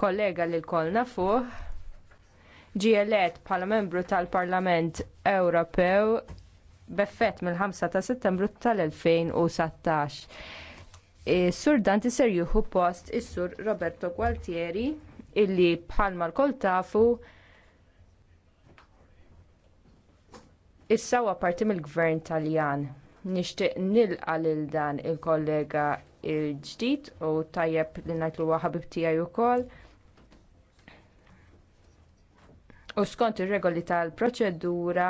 kollega li l-kolna fuq, ġie elett bħala membru tal-Parlament Ewropew b'effett mill-5 ta' Settembru tal-2016. Is-sur eh, Danti ser jieħu post is-sur Roberto Gualtieri illi bħalma l-kol tafu issa huwa parti mill-Gvern Taljan. Nixtieq nilqa lil dan il-kollega il-ġdid u tajjeb li ngħidlu huwa tijaj u wkoll. u skont ir-regoli tal-proċedura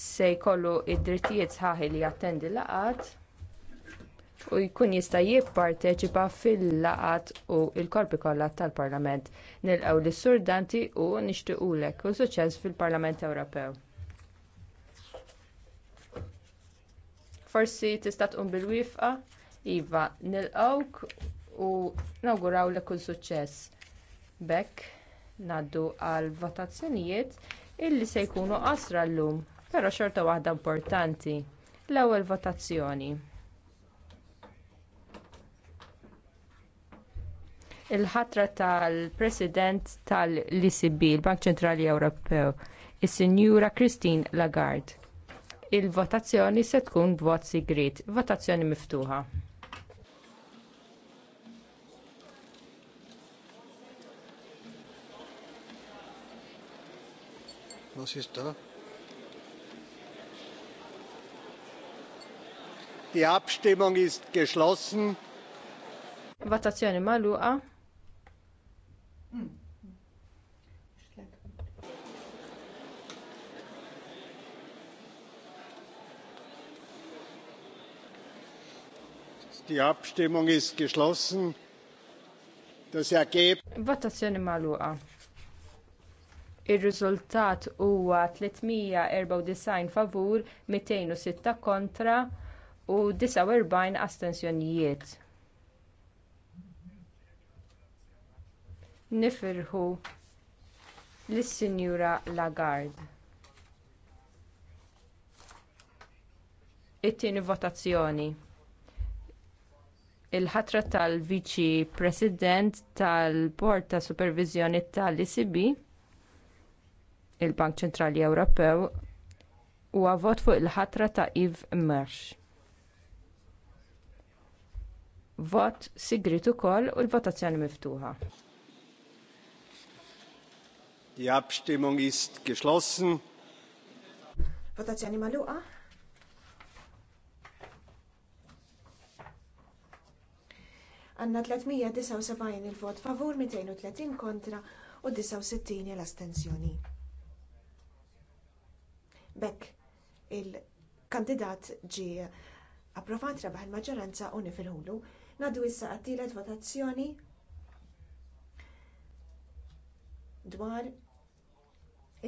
se jkollu d-drittijiet sħaħi li jattendi laqgħat u jkun jista' jipparteċipa fil-laqgħat u l-korpi kollha tal-Parlament. Nilqgħu lis sur Danti u nixtiequlek u suċċess fil-Parlament Ewropew. Forsi tista' tqum bil-wifqa, Iva, nilqgħuk u nawguraw kull suċċess. Bekk ngħaddu għal votazzjonijiet illi se jkunu qasra llum però xorta waħda importanti l-ewwel votazzjoni il-ħatra tal-president tal-ecb il-bank ċentrali ewropew is-sinjura christine lagarde il-votazzjoni se tkun b'vot sigriet votazzjoni miftuħa No si Die Abstimmung ist geschlossen. Votazione maluqa. Die Abstimmung ist geschlossen. Das Ergebnis. Votazione maluqa ir-riżultat huwa 394 favur 206 kontra u 49 astensjonijiet nifirħu lis-sinjura lagarde it-tieni votazzjoni il-ħatra tal-viċi president tal-bord ta' superviżjoni tal-ecb il-Bank Ċentrali Ewropew huwa vot fuq il-ħatra ta' Yves Mersch. Vot sigrit ukoll u l-votazzjoni miftuħa. Die Abstimmung ist geschlossen. Votazzjoni magħluqa. Għanna 379 il-vot favur, 230 kontra u 69 l-astensjoni. Bekk il-kandidat ġie approvat rebaħ il-maġġoranza u nifilħulu. Nadu issa għattilet votazzjoni dwar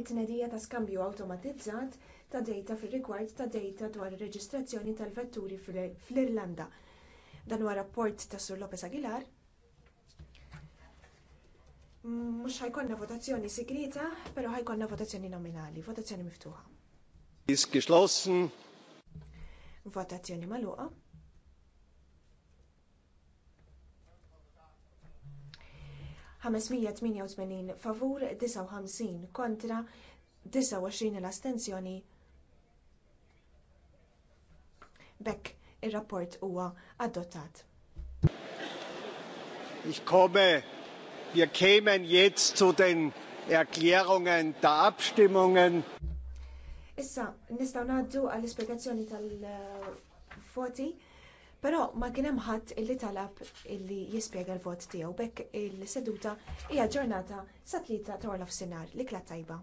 it-tnedija ta' skambju awtomatizzat ta' dejta fir-rigward ta' dejta dwar ir-reġistrazzjoni tal-vetturi fl-Irlanda. Dan huwa rapport ta' Sur Lopez Aguilar. Mhux ħajkonna votazzjoni sigrita, però ħajkonna votazzjoni nominali, votazzjoni miftuħa. Is geschlossen. Votazzjoni maluqa. tmenin favur, 59 kontra, 29 l-astenzjoni. Bekk ir-rapport huwa adottat. Ich komme, wir kämen jetzt zu den Erklärungen der Abstimmungen. Issa, nistgħu ngħaddu għall-ispjegazzjoni tal-voti, però ma kien hemm ħadd illi talab illi jispjega l-vot tiegħu bekk il-seduta hija ġurnata sa tlieta ta' orlof l-ikla tajba.